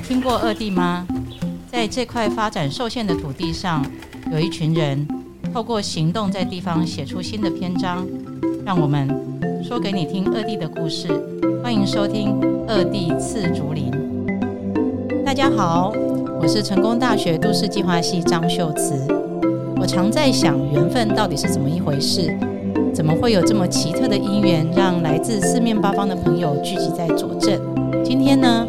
你聽過惡地嗎？在這塊發展受限的土地上，有一群人透過行動在地方寫出新的篇章。讓我們說給你聽惡地的故事。歡迎收聽《惡地莿竹林》。大家好，我是成功大學都市計劃系張秀慈。我常在想，緣分到底是怎麼一回事？怎麼會有這麼奇特的因緣，讓來自四面八方的朋友聚集在左鎮？今天呢，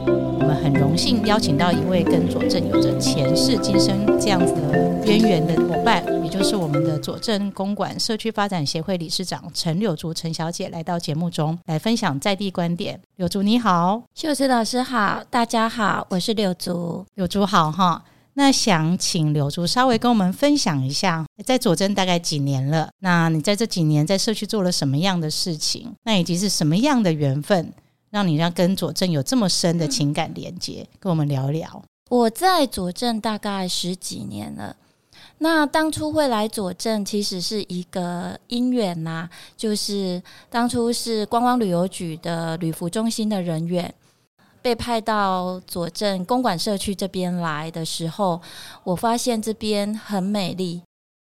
邀請到一位跟左鎮有着前世今生這樣子的淵源的伙伴，也就是我們的左鎮公舘社區發展協會理事長陳柳足陳小姐來到節目中來分享在地觀點。柳足你好。秀慈老師好，大家好，我是柳足。柳足好哈，那想請柳足稍微跟我們分享一下，在左鎮大概幾年了？那你在這幾年在社區做了什麼樣的事情？那以及是什麼樣的緣分？讓你讓跟左鎮有這麼深的情感連結，嗯、跟我們聊聊。我在左鎮大概十幾年了，那當初會來左鎮其實是一個姻緣吶、啊，就是當初是觀光旅遊局的旅服中心的人員，被派到左鎮公館社區這邊來的時候，我發現這邊很美麗，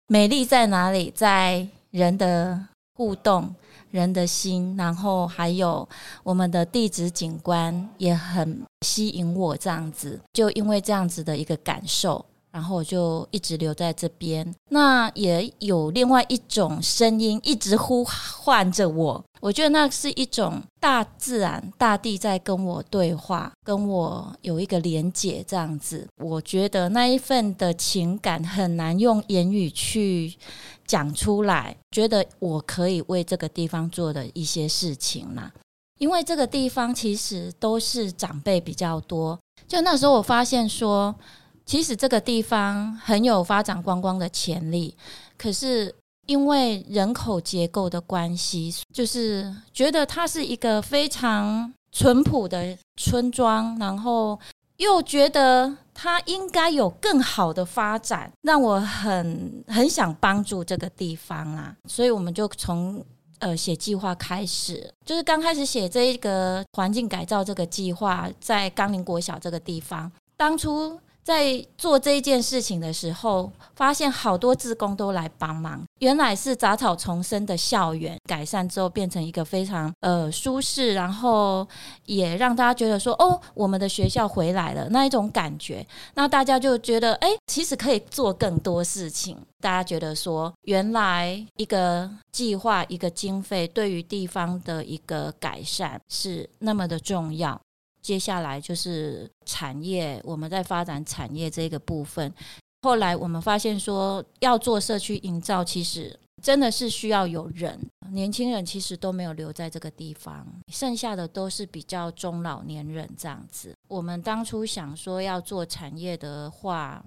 美麗在哪裡？在人的互動。人的心，然後還有我們的地質景觀也很吸引我，這樣子就因為這樣子的一個感受。然後我就一直留在這邊，那也有另外一種聲音一直呼喚着我。我覺得那是一種大自然、大地在跟我對話，跟我有一個連接。這樣子。我覺得那一份的情感很難用言語去講出來。覺得我可以為這個地方做的一些事情啦。因為這個地方其實都是長輩比較多。就那時候我發現說。其實這個地方很有發展觀光的潛力，可是因為人口結構的關係，就是覺得它是一個非常淳樸的村莊，然後又覺得它應該有更好的發展，讓我很很想幫助這個地方啊，所以我們就從呃寫計劃開始，就是剛開始寫這一個環境改造這個計劃，在岡林國小這個地方，當初。在做這一件事情的時候，發現好多志工都來幫忙。原來是雜草叢生的校園，改善之後變成一個非常呃舒適，然後也讓大家覺得說：“哦，我們的學校回來了。”那一種感覺。那大家就覺得，哎，其實可以做更多事情。大家覺得說，原來一個計劃、一個經費，對於地方的一個改善是那麼的重要。接下來就是產業，我們在發展產業這個部分。後來我們發現說，要做社區營造，其實真的是需要有人。年輕人其實都沒有留在這個地方，剩下的都是比較中老年人，這樣子。我們當初想說要做產業的話。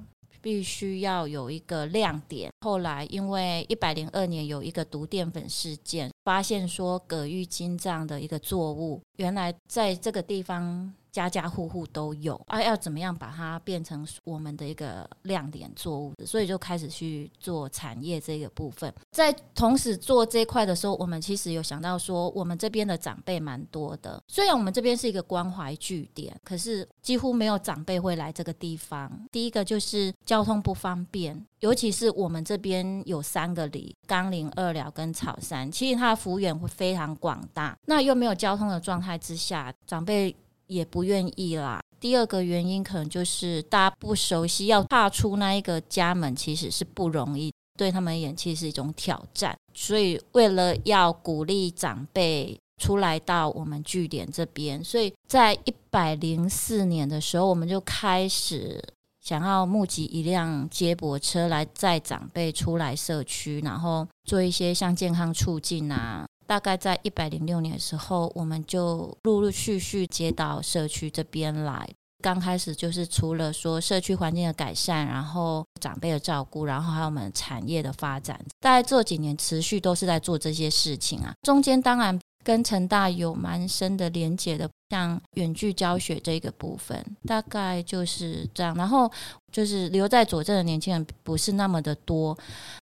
必須要有一個亮點。後來，因為一百零二年有一個毒澱粉事件，發現說葛鬱金這樣的一個作物，原來在這個地方。家家戶戶都有而、啊、要怎麼樣把它變成我們的一個亮點作物？所以就開始去做產業這個部分。在同時做這一塊的時候，我們其實有想到說，我們這邊的長輩蠻多的。雖然我們這邊是一個關懷據點，可是幾乎沒有長輩會來這個地方。第一個就是交通不方便，尤其是我們這邊有三個裡：岡林、二寮跟草山。其實它的幅員會非常廣大，那又沒有交通的狀態之下，長輩。也不願意啦。第二個原因可能就是大家不熟悉，要踏出那一個家門其實是不容易，對他們而言其實是一種挑戰。所以為了要鼓勵長輩出來到我們據點這邊，所以在一百零四年的時候，我們就開始想要募集一輛接駁車來載長輩出來社區，然後做一些像健康促進啊。大概在一百零六年的時候，我們就陸陸續續接到社區這邊來。剛開始就是除了說社區環境的改善，然後長輩的照顧，然後還有我們產業的發展。大概這幾年持續都是在做這些事情啊。中間當然跟成大有蠻深的連結的，像遠距教學這個部分，大概就是這樣。然後就是留在左鎮的年輕人不是那麼的多。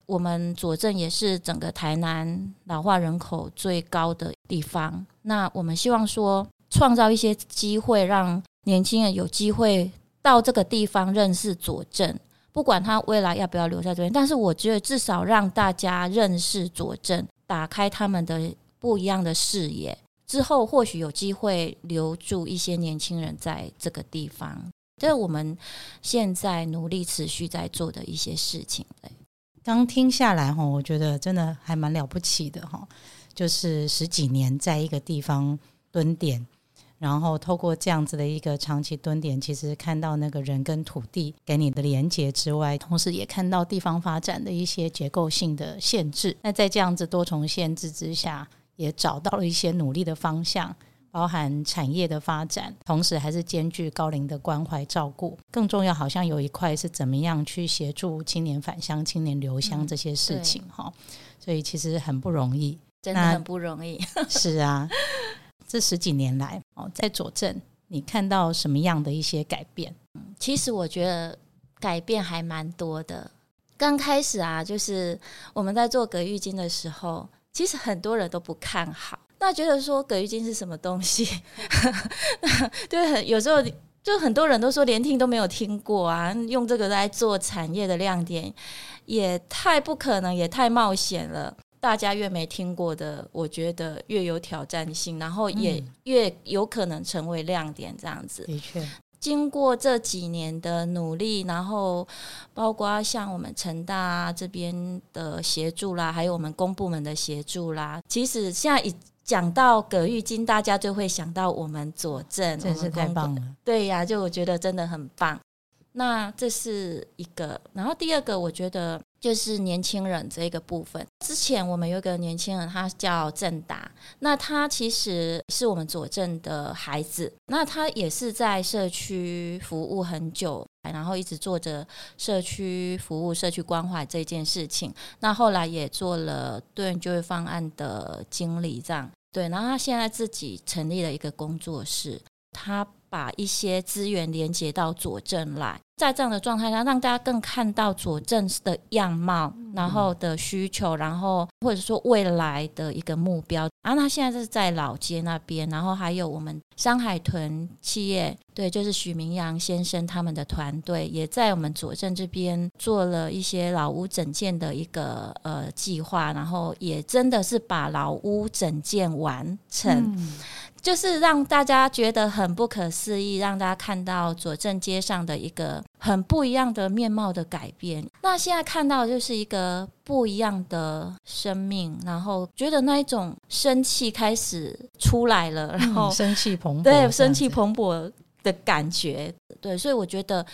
我們左鎮也是整個台南老化人口最高的地方。那我們希望說，創造一些機會，讓年輕人有機會到這個地方認識左鎮，不管他未來要不要留在這邊。但是我覺得，至少讓大家認識左鎮，打開他們的不一樣的視野，之後或許有機會留住一些年輕人在這個地方。這是我們現在努力持續在做的一些事情。剛聽下來哈，我覺得真的還蠻了不起的哈。就是十幾年在一個地方蹲點，然後透過這樣子的一個長期蹲點，其實看到那個人跟土地給你的連接之外，同時也看到地方發展的一些結構性的限制。那在這樣子多重限制之下，也找到了一些努力的方向。包含產業的發展，同時還是兼具高齡的關懷照顧，更重要好像有一塊是怎麼樣去協助青年返鄉、青年留鄉這些事情哈，嗯、所以其實很不容易，真的很不容易。那 是啊，這十幾年來哦，在左鎮你看到什麼樣的一些改變？其實我覺得改變還蠻多的。剛開始啊，就是我們在做葛鬱金的時候，其實很多人都不看好。那覺得說葛鬱金是什麼東西？ 對，很有時候就很多人都說連聽都沒有聽過啊。用這個來做產業的亮點，也太不可能，也太冒險了。大家越沒聽過的，我覺得越有挑戰性，然後也越有可能成為亮點這樣子。嗯，的確，經過這幾年的努力，然後包括像我們成大這邊的協助啦，還有我們公部門的協助啦，其實現在已講到葛鬱金，大家就會想到我們左鎮，真是太棒了啊。對呀、啊，就我覺得真的很棒。那這是一個，然後第二個，我覺得。就是年輕人這個部分，之前我們有個年輕人，他叫鄭達，那他其實是我們左鎮的孩子，那他也是在社區服務很久，然後一直做着社區服務、社區關懷這件事情，那後來也做了對人就業方案的經理這樣，對，然後他現在自己成立了一個工作室，他。把一些資源連接到左鎮來，在這樣的狀態下，讓大家更看到左鎮的樣貌，然後的需求，然後或者說未來的一個目標後、啊、那現在是在老街那邊，然後還有我們山海屯企業，對，就是許明陽先生他們的團隊也在我們左鎮這邊做了一些老屋整建的一個呃計劃，然後也真的是把老屋整建完成。嗯就是讓大家覺得很不可思議，讓大家看到左鎮街上的一個很不一樣的面貌的改變。那現在看到的就是一個不一樣的生命，然後覺得那一種生氣開始出來了，然後、嗯、生氣蓬勃，對，生氣蓬勃的感覺。對，所以我覺得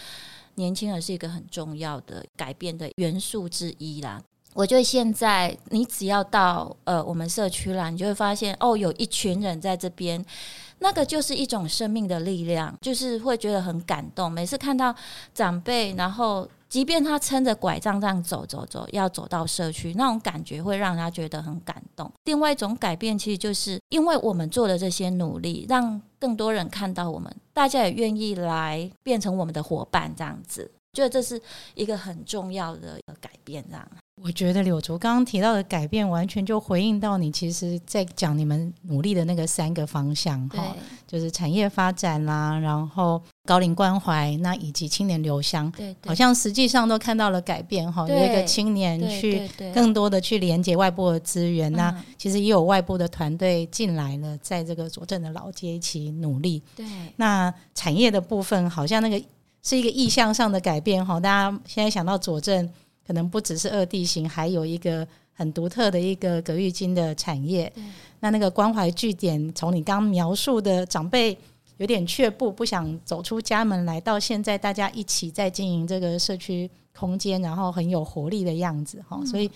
年輕人是一個很重要的改變的元素之一啦。我覺得現在你只要到呃我們社區了，你就會發現哦，有一群人在這邊，那個就是一種生命的力量，就是會覺得很感動。每次看到長輩，然後即便他撐着拐杖這樣走走走，要走到社區，那種感覺會讓他覺得很感動。另外一種改變其實就是因為我們做的這些努力，讓更多人看到我們，大家也願意來變成我們的伙伴，這樣子，覺得這是一個很重要的一個改變，這樣。我覺得柳足剛剛提到的改變，完全就回應到你，其實，在講你們努力的那個三個方向哈對，就是產業發展啦、啊，然後高齡關懷，那以及青年留鄉，對，對，好像實際上都看到了改變哈。對有一個青年去更多的去連接外部的資源、啊對對對啊、那其實也有外部的團隊進來了，在這個左鎮的老街一起努力。對，那產業的部分好像那個是一個意向上的改變哈，大家現在想到左鎮，可能不只是惡地形，還有一個很獨特的一個葛鬱金的產業。對那那個關懷據點，從你剛描述的長輩有點卻步，不想走出家門來，來到現在大家一起在經營這個社區空間，然後很有活力的樣子哈。嗯、所以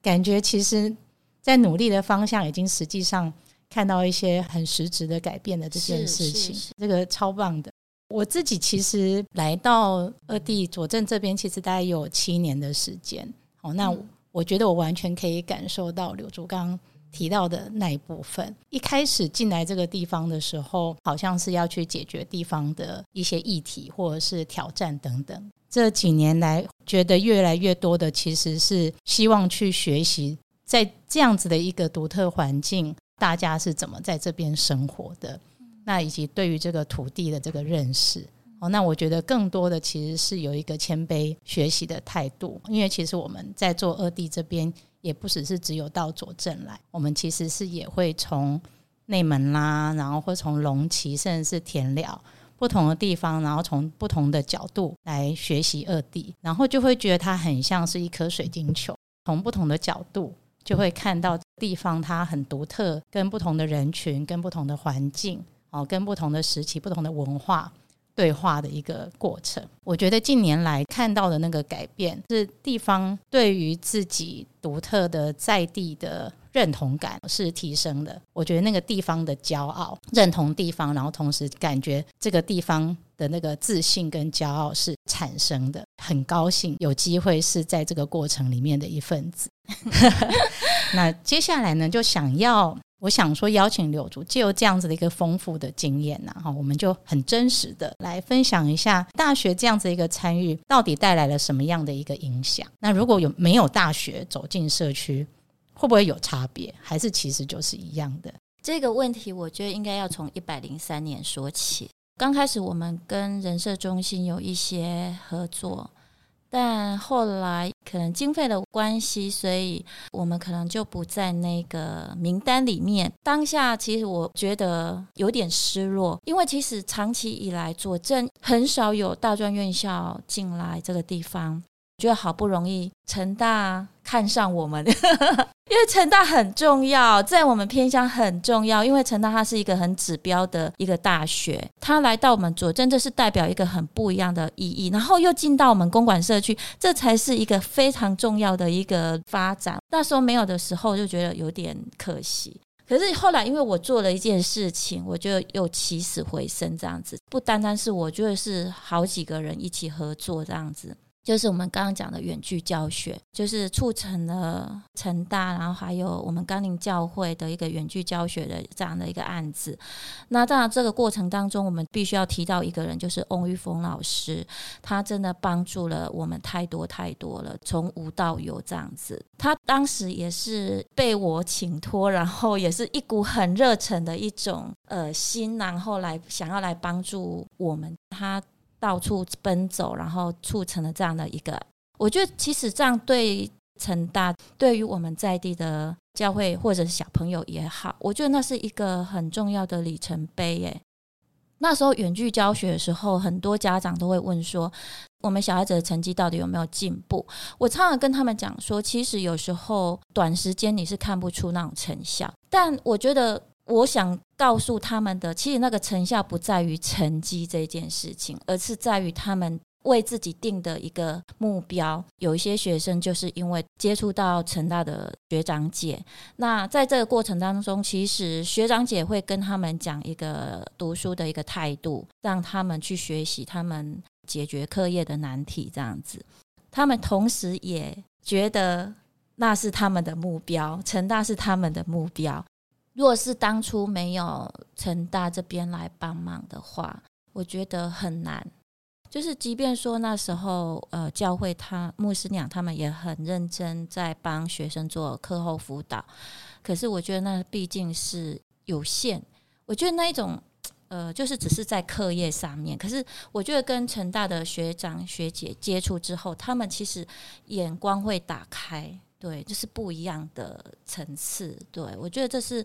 感覺其實，在努力的方向已經實際上看到一些很實質的改變的這件事情，這個超棒的。我自己其實來到惡地左鎮這邊，其實大概有七年的時間。好，那我覺得我完全可以感受到柳足剛剛提到的那一部分。一開始進來這個地方的時候，好像是要去解決地方的一些議題或者是挑戰等等。這幾年來，覺得越來越多的其實是希望去學習，在這樣子的一個獨特環境，大家是怎麼在這邊生活的。那以及對於這個土地的這個認識，哦、oh，那我覺得更多的其實是有一個謙卑學習的態度，因為其實我們在做惡地這邊，也不只是只有到左鎮來，我們其實是也會從內門啦、啊，然後會從龍崎，甚至是田寮不同的地方，然後從不同的角度來學習惡地，然後就會覺得它很像是一顆水晶球，從不同的角度就會看到地方它很獨特，跟不同的人群，跟不同的環境。哦，跟不同的時期、不同的文化對話的一個過程，我覺得近年來看到的那個改變，是地方對於自己獨特的在地的認同感是提升的。我覺得那個地方的驕傲、認同地方，然後同時感覺這個地方的那個自信跟驕傲是產生的，很高興有機會是在這個過程裡面的一份子。 那接下來呢，就想要。我想說，邀請柳足借由這樣子的一個豐富的經驗吶、啊，我們就很真實的來分享一下大學這樣子的一個參與到底帶來了什麼樣的一個影響。那如果有沒有大學走進社區，會不會有差別？還是其實就是一樣的？這個問題，我覺得應該要從一百零三年說起。剛開始我們跟人社中心有一些合作。但後來可能經費的關係，所以我們可能就不在那個名單裡面。當下其實我覺得有點失落，因為其實長期以來左鎮很少有大專院校進來這個地方。覺得好不容易，成大看上我們， 因為成大很重要，在我們偏鄉很重要，因為成大它是一個很指標的一個大學，它來到我們左鎮，真的是代表一個很不一樣的意義，然後又進到我們公館社區，這才是一個非常重要的一個發展。那時候沒有的時候，就覺得有點可惜。可是後來，因為我做了一件事情，我就又起死回生這樣子，不單單是我，就是好幾個人一起合作這樣子。就是我們剛剛講的遠距教學，就是促成了成大，然後還有我們岡林教會的一個遠距教學的這樣的一個案子。那在這個過程當中，我們必須要提到一個人，就是翁玉峰老師，他真的幫助了我們太多太多了，從無到有這樣子。他當時也是被我請托，然後也是一股很熱忱的一種呃心，然後來想要來幫助我們。他。到處奔走，然後促成了這樣的一個。我覺得其實這樣對成大，對於我們在地的教會或者是小朋友也好，我覺得那是一個很重要的里程碑。哎，那時候遠距教學的時候，很多家長都會問說，我們小孩子的成績到底有沒有進步？我常常跟他們講說，其實有時候短時間你是看不出那種成效，但我覺得。我想告訴他們的，其實那個成效不在於成績這件事情，而是在於他們為自己定的一個目標。有一些學生就是因為接觸到成大的學長姐，那在這個過程當中，其實學長姐會跟他們講一個讀書的一個態度，讓他們去學習，他們解決課業的難題，這樣子。他們同時也覺得那是他們的目標，成大是他們的目標。如果是當初沒有成大這邊來幫忙的話，我覺得很難。就是即便說那時候呃教會他牧師娘他們也很認真在幫學生做課後輔導，可是我覺得那畢竟是有限。我覺得那一種呃就是只是在課業上面，可是我覺得跟成大的學長學姐接觸之後，他們其實眼光會打開。對，就是不一樣的層次。對，我覺得這是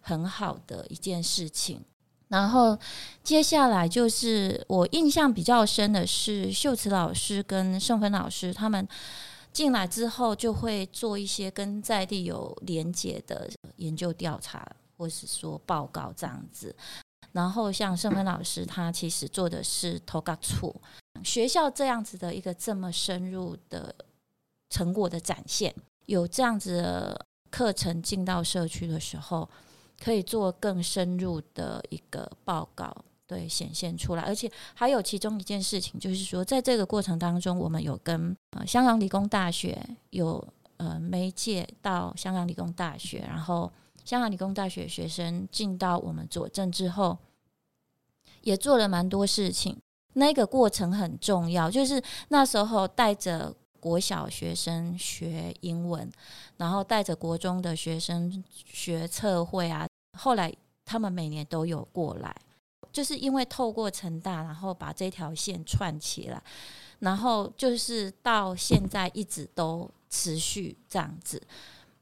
很好的一件事情。然後接下來就是我印象比較深的是秀慈老師跟盛芬老師，他們進來之後就會做一些跟在地有連結的研究調查，或是說報告這樣子。然後像盛芬老師，他其實做的是投稿處學校這樣子的一個這麼深入的。成果的展現，有這樣子的課程進到社區的時候，可以做更深入的一個報告，對，顯現出來。而且還有其中一件事情，就是說，在這個過程當中，我們有跟、呃、香港理工大學有呃媒介到香港理工大學，然後香港理工大學學生進到我們左鎮之後，也做了蠻多事情。那個過程很重要，就是那時候帶着。國小學生學英文，然後帶着國中的學生學測繪啊。後來他們每年都有過來，就是因為透過成大，然後把這條線串起來，然後就是到現在一直都持續這樣子。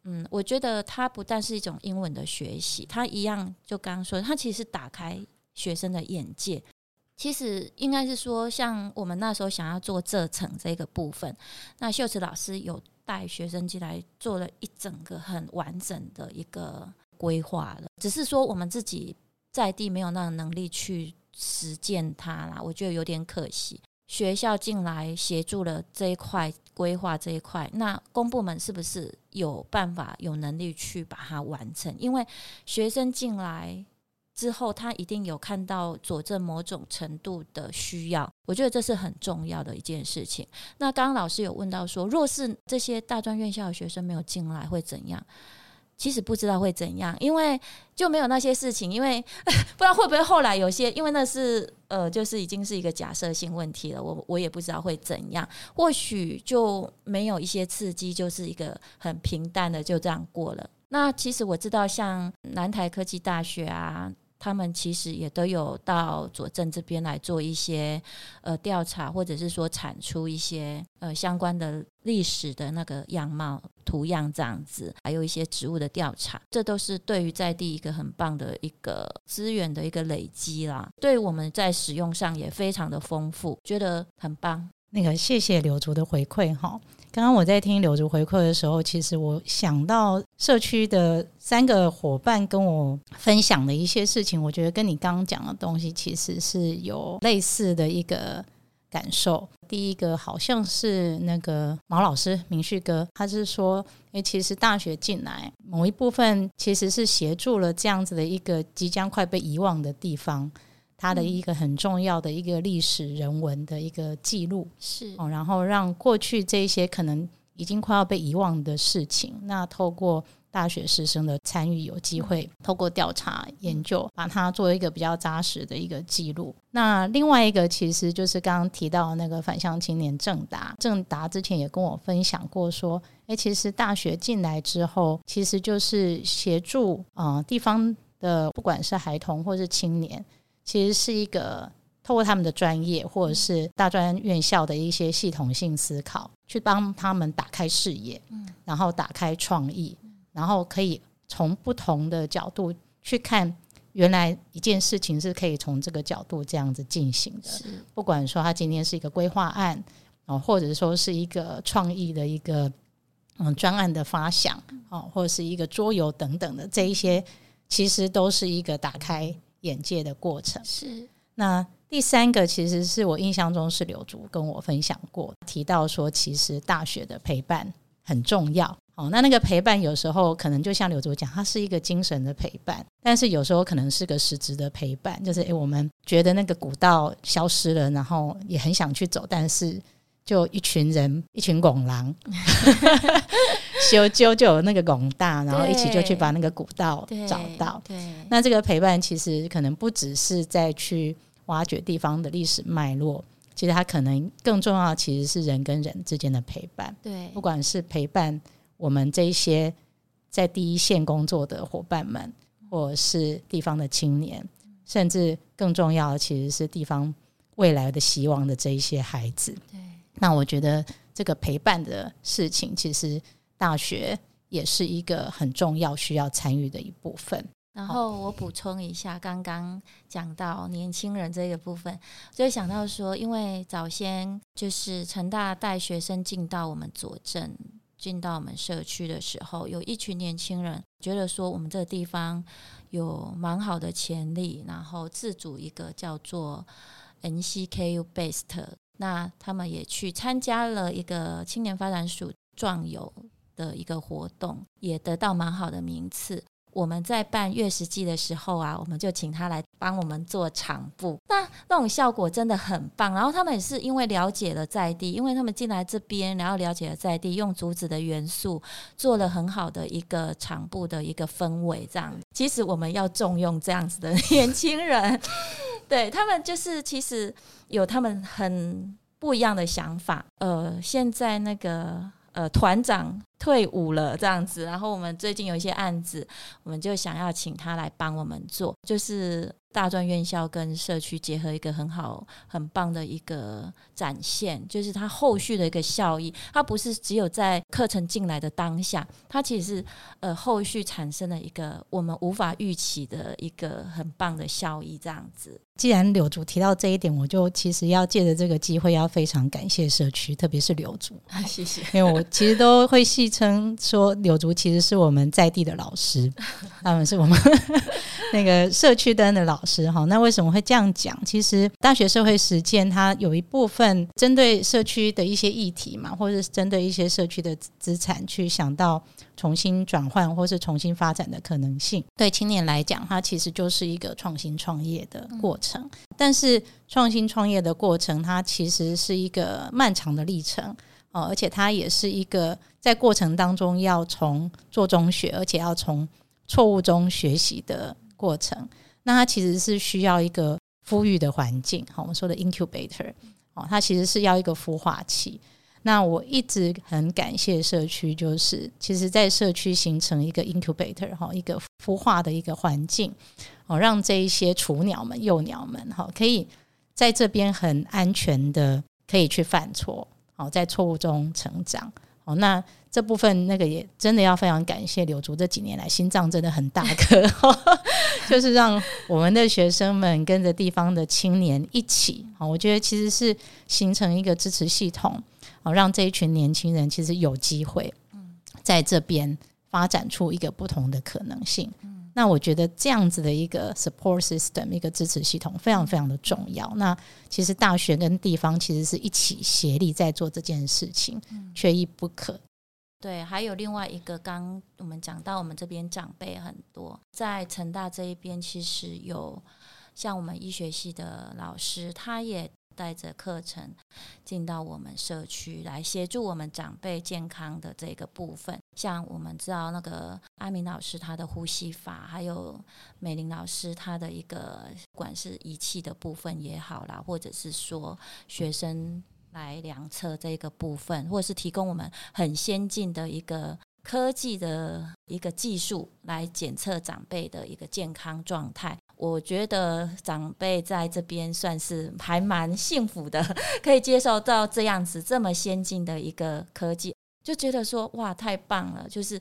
嗯，我覺得它不但是一種英文的學習，它一樣就剛剛說，它其實是打開學生的眼界。其實應該是說，像我們那時候想要做這層這個部分，那秀慈老師有帶學生進來做了一整個很完整的一個規劃了。只是說我們自己在地沒有那種能力去實踐它啦，我覺得有點可惜。學校進來協助了這一塊規劃這一塊，那公部門是不是有辦法有能力去把它完成？因為學生進來。之後，他一定有看到左鎮某種程度的需要，我覺得這是很重要的一件事情。那剛剛老師有問到說，若是這些大專院校的學生沒有進來，會怎樣？其實不知道會怎樣，因為就沒有那些事情。因為不知道會不會後來有些，因為那是呃，就是已經是一個假設性問題了。我我也不知道會怎樣，或許就沒有一些刺激，就是一個很平淡的就這樣過了。那其實我知道，像南台科技大學啊。他們其實也都有到左鎮這邊來做一些呃調查，或者是說產出一些呃相關的歷史的那個樣貌、圖樣這樣子，還有一些植物的調查，這都是對於在地一個很棒的一個資源的一個累積啦。對我們在使用上也非常的豐富，覺得很棒。那個謝謝柳足的回饋哈。剛剛我在聽柳足回饋的時候，其實我想到社區的三個夥伴跟我分享的一些事情，我覺得跟你剛剛講的東西其實是有類似的一個感受。第一個好像是那個毛老師明旭哥，他是說，哎，其實大學進來某一部分其實是協助了這樣子的一個即將快被遺忘的地方。它的一個很重要的一個歷史人文的一個記錄是，然後讓過去這些可能已經快要被遺忘的事情，那透過大學師生的參與，有機會透過調查研究，嗯、把它作為一個比較扎實的一個記錄。嗯、那另外一個，其實就是剛剛提到的那個返鄉青年鄭達，鄭達之前也跟我分享過說，誒，其實大學進來之後，其實就是協助啊、呃、地方的，不管是孩童或是青年。其實是一個透過他們的專業，或者是大專院校的一些系統性思考，去幫他們打開視野，嗯，然後打開創意，然後可以從不同的角度去看原來一件事情是可以從這個角度這樣子進行的。是不管說他今天是一個規劃案，哦，或者說是一個創意的一個嗯專案的發想，哦，或者是一個桌遊等等的這一些，其實都是一個打開。眼界的過程是那第三個，其實是我印象中是柳足跟我分享過，提到說其實大學的陪伴很重要。哦，那那個陪伴有時候可能就像柳足講，它是一個精神的陪伴，但是有時候可能是個實質的陪伴，就是誒、欸，我們覺得那個古道消失了，然後也很想去走，但是。就一群人，一群戇人，修修 就有那個戇膽，然後一起就去把那個古道找到。對，對那這個陪伴其實可能不只是在去挖掘地方的歷史脈絡，其實它可能更重要的其實是人跟人之間的陪伴。對，不管是陪伴我們這一些在第一線工作的伙伴們，或是地方的青年，甚至更重要的其實是地方未來的希望的這一些孩子。對。那我覺得這個陪伴的事情，其實大學也是一個很重要、需要參與的一部分。然後我補充一下，剛剛講到年輕人這個部分，就想到說，因為早先就是成大帶學生進到我們左鎮、進到我們社區的時候，有一群年輕人覺得說，我們這個地方有蠻好的潛力，然後自主一個叫做 NCKU Best。那他們也去參加了一個青年發展署壯遊的一個活動，也得到蠻好的名次。我們在辦月食季的時候啊，我們就請他來幫我們做場布，那那種效果真的很棒。然後他們也是因為了解了在地，因為他們進來這邊，然後了解了在地，用竹子的元素做了很好的一個場布的一個氛圍。這樣，其實我們要重用這樣子的年輕人。 對，他們就是其實有他們很不一樣的想法，呃，現在那個呃團長退伍了這樣子，然後我們最近有一些案子，我們就想要請他來幫我們做，就是。大專院校跟社區結合一個很好、很棒的一個展現，就是它後續的一個效益。它不是只有在課程進來的當下，它其實是呃後續產生了一個我們無法預期的一個很棒的效益。這樣子，既然柳足提到這一點，我就其實要借着這個機會，要非常感謝社區，特別是柳足。謝謝，因為我其實都會戲稱說柳足其實是我們在地的老師， 他們是我們那個社區的的老。老師哈，那為什麼會這樣講？其實大學社會實踐，它有一部分針對社區的一些議題嘛，或者是針對一些社區的資產，去想到重新轉換或是重新發展的可能性。對青年來講，它其實就是一個創新創業的過程。嗯、但是創新創業的過程，它其實是一個漫長的歷程哦，而且它也是一個在過程當中要從做中學，而且要從錯誤中學習的過程。那它其實是需要一個孵育的環境，好，我們說的 incubator，哦，它其實是要一個孵化器。那我一直很感謝社區，就是其實在社區形成一個 incubator，哈，一個孵化的一個環境，哦，讓這一些雛鳥們、幼鳥們，哈，可以在這邊很安全的可以去犯錯，好，在錯誤中成長。哦，那這部分那個也真的要非常感謝柳足這幾年來，心臟真的很大顆， 就是讓我們的學生們跟着地方的青年一起，我覺得其實是形成一個支持系統，讓這一群年輕人其實有機會，在這邊發展出一個不同的可能性。那我覺得這樣子的一個 support system，一個支持系統非常非常的重要。那其實大學跟地方其實是一起協力在做這件事情，嗯、缺一不可。對，還有另外一個，剛剛我們講到，我們這邊長輩很多，在成大這一邊，其實有像我們醫學系的老師，他也帶着課程進到我們社區來協助我們長輩健康的這個部分，像我們知道那個阿明老師他的呼吸法，還有美玲老師他的一個管是儀器的部分也好啦，或者是說學生來量測這個部分，或者是提供我們很先進的一個科技的一個技術來檢測長輩的一個健康狀態。我覺得長輩在這邊算是還蠻幸福的，可以接受到這樣子這麼先進的一個科技，就覺得說哇太棒了，就是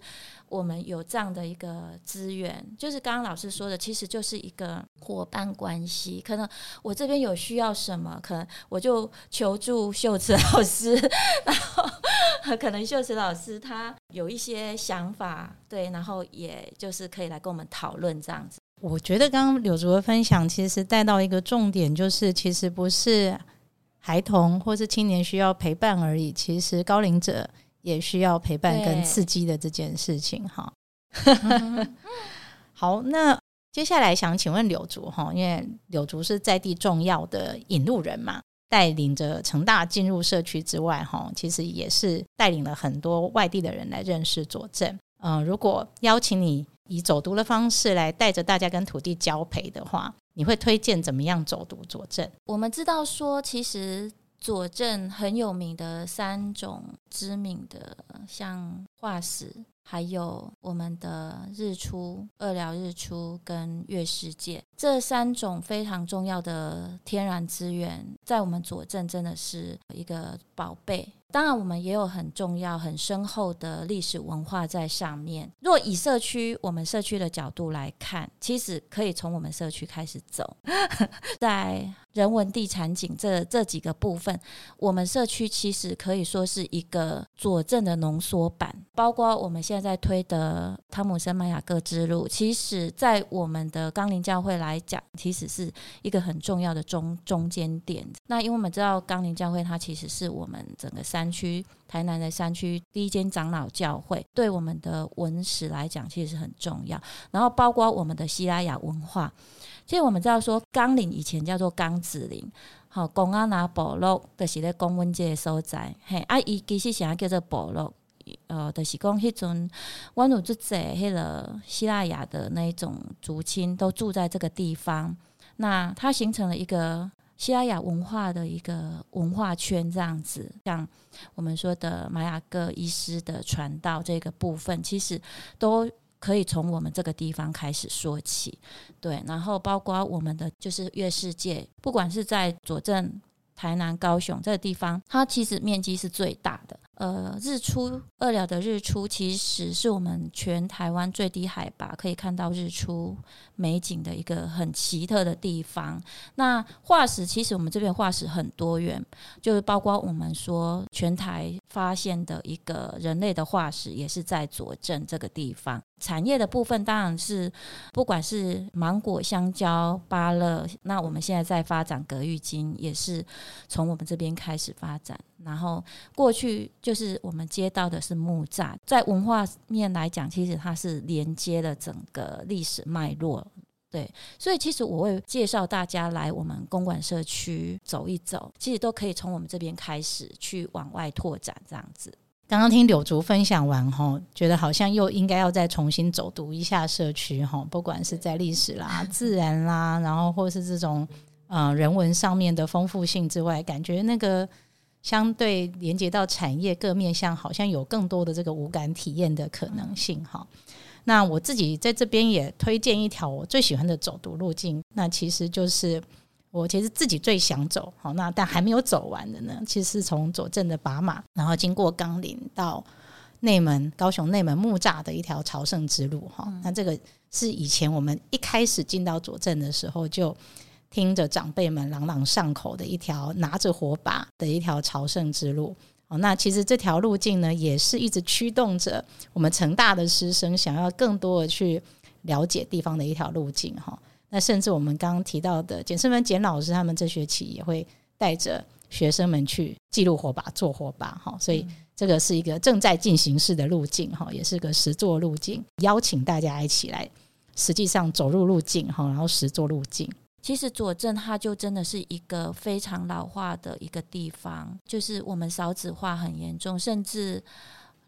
我們有這樣的一個資源，就是剛剛老師說的，其實就是一個夥伴關係。可能我這邊有需要什麼，可能我就求助秀慈老師，然後可能秀慈老師他有一些想法，對，然後也就是可以來跟我們討論這樣子。我覺得剛剛柳足的分享，其實帶到一個重點，就是其實不是孩童或是青年需要陪伴而已，其實高齡者也需要陪伴跟刺激的這件事情。哈對， 好，那接下來想請問柳足哈，因為柳足是在地重要的引路人嘛，帶領着成大進入社區之外，哈，其實也是帶領了很多外地的人來認識左鎮。嗯、呃，如果邀請你。以走讀的方式來帶着大家跟土地交陪的話，你會推薦怎麼樣走讀左鎮？我們知道說，其實左鎮很有名的三種知名的，像化石，還有我們的日出、二寮日出跟月世界，這三種非常重要的天然資源，在我們左鎮真的是一個寶貝。當然，我們也有很重要、很深厚的歷史文化在上面。若以社區，我們社區的角度來看，其實可以從我們社區開始走， 在。人文、地產景這這幾個部分，我們社區其實可以說是一個左鎮的濃縮版。包括我們現在在推的湯姆生馬雅各之路，其實，在我們的岡林教會來講，其實是一個很重要的中中間點。那因為我們知道岡林教會，它其實是我們整個山區、台南的山區第一間長老教會，對我們的文史來講，其實很重要。然後包括我們的西拉雅文化。所以我們知道說，岡林以前叫做岡仔林。好、哦，貢阿拿部落，就是咧貢溫界的所在。嘿，啊，伊其實現在叫做部落，呃，就是講迄陣，宛如之前迄個西拉雅的那一種族親都住在這個地方，那它形成了一個西拉雅文化的一個文化圈，這樣子，像我們說的馬雅各醫師的傳道這個部分，其實都。可以從我們這個地方開始說起，對，然後包括我們的就是月世界，不管是在左鎮、台南、高雄這個地方，它其實面積是最大的。呃，日出二寮的日出其實是我們全台灣最低海拔可以看到日出美景的一個很奇特的地方。那化石其實我們這邊化石很多元，就是包括我們說全台發現的一個人類的化石，也是在左鎮這個地方。產業的部分當然是，不管是芒果、香蕉、芭樂，那我們現在在發展葛鬱金，也是從我們這邊開始發展。然後過去就是我們接到的是木柵，在文化面來講，其實它是連接了整個歷史脈絡。對，所以其實我會介紹大家來我們公館社區走一走，其實都可以從我們這邊開始去往外拓展這樣子。剛剛聽柳足分享完哈，覺得好像又應該要再重新走讀一下社區哈，不管是在歷史啦、自然啦，然後或是這種呃人文上面的豐富性之外，感覺那個相對連接到產業各面向，好像有更多的這個五感體驗的可能性哈。那我自己在這邊也推薦一條我最喜歡的走讀路徑，那其實就是。我其實自己最想走，好那但還沒有走完的呢，其實是從左鎮的拔馬，然後經過岡林到內門、高雄內門木柵的一條朝聖之路，哈、嗯，那這個是以前我們一開始進到左鎮的時候，就聽着長輩們朗朗上口的一條拿着火把的一條朝聖之路，那其實這條路徑呢，也是一直驅動着我們成大的師生想要更多的去了解地方的一條路徑，哈。那甚至我們剛剛提到的簡師們、簡老師，他們這學期也會帶着學生們去記錄火把、做火把，哈，所以這個是一個正在進行式的路徑，哈，也是個實作路徑，邀請大家一起來，實際上走入路徑，哈，然後實作路徑。其實左鎮它就真的是一個非常老化的一個地方，就是我們少子化很嚴重，甚至。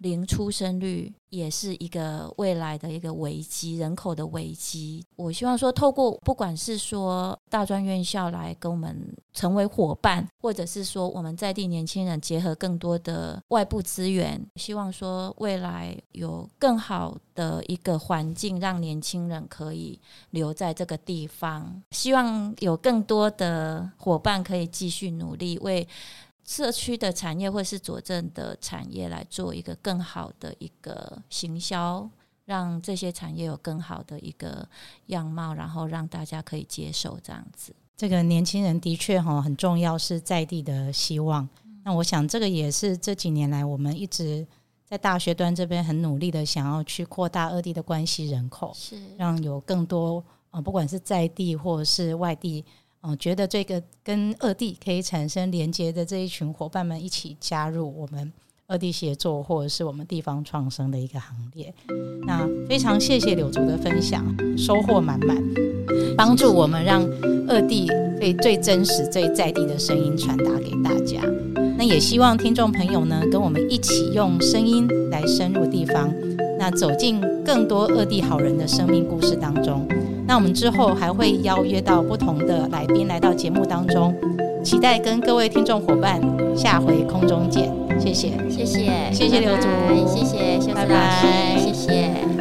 零出生率也是一個未來的一個危機，人口的危機。我希望說，透過不管是說大專院校來跟我們成為伙伴，或者是說我們在地年輕人結合更多的外部資源，希望說未來有更好的一個環境，讓年輕人可以留在這個地方。希望有更多的伙伴可以繼續努力為社區的產業或是左鎮的產業，來做一個更好的一個行銷，讓這些產業有更好的一個樣貌，然後讓大家可以接受這樣子。這個年輕人的確哈很重要，是在地的希望。那我想，這個也是這幾年來我們一直在大學端這邊很努力的，想要去擴大惡地的關係人口，是讓有更多啊，不管是在地或者是外地。我覺得這個跟惡地可以產生連接的這一群夥伴們一起加入我們惡地協作或者是我們地方創生的一個行列。那非常謝謝柳足的分享，收穫滿滿，幫助我們讓惡地被最真實、最在地的聲音傳達給大家。那也希望聽眾朋友呢，跟我們一起用聲音來深入地方，那走進更多惡地好人的生命故事當中。那我們之後還會邀約到不同的來賓來到節目當中，期待跟各位聽眾夥伴下回空中見，謝謝，謝謝，謝謝柳足，謝謝秀慈老師，拜拜 謝謝。拜拜 謝謝。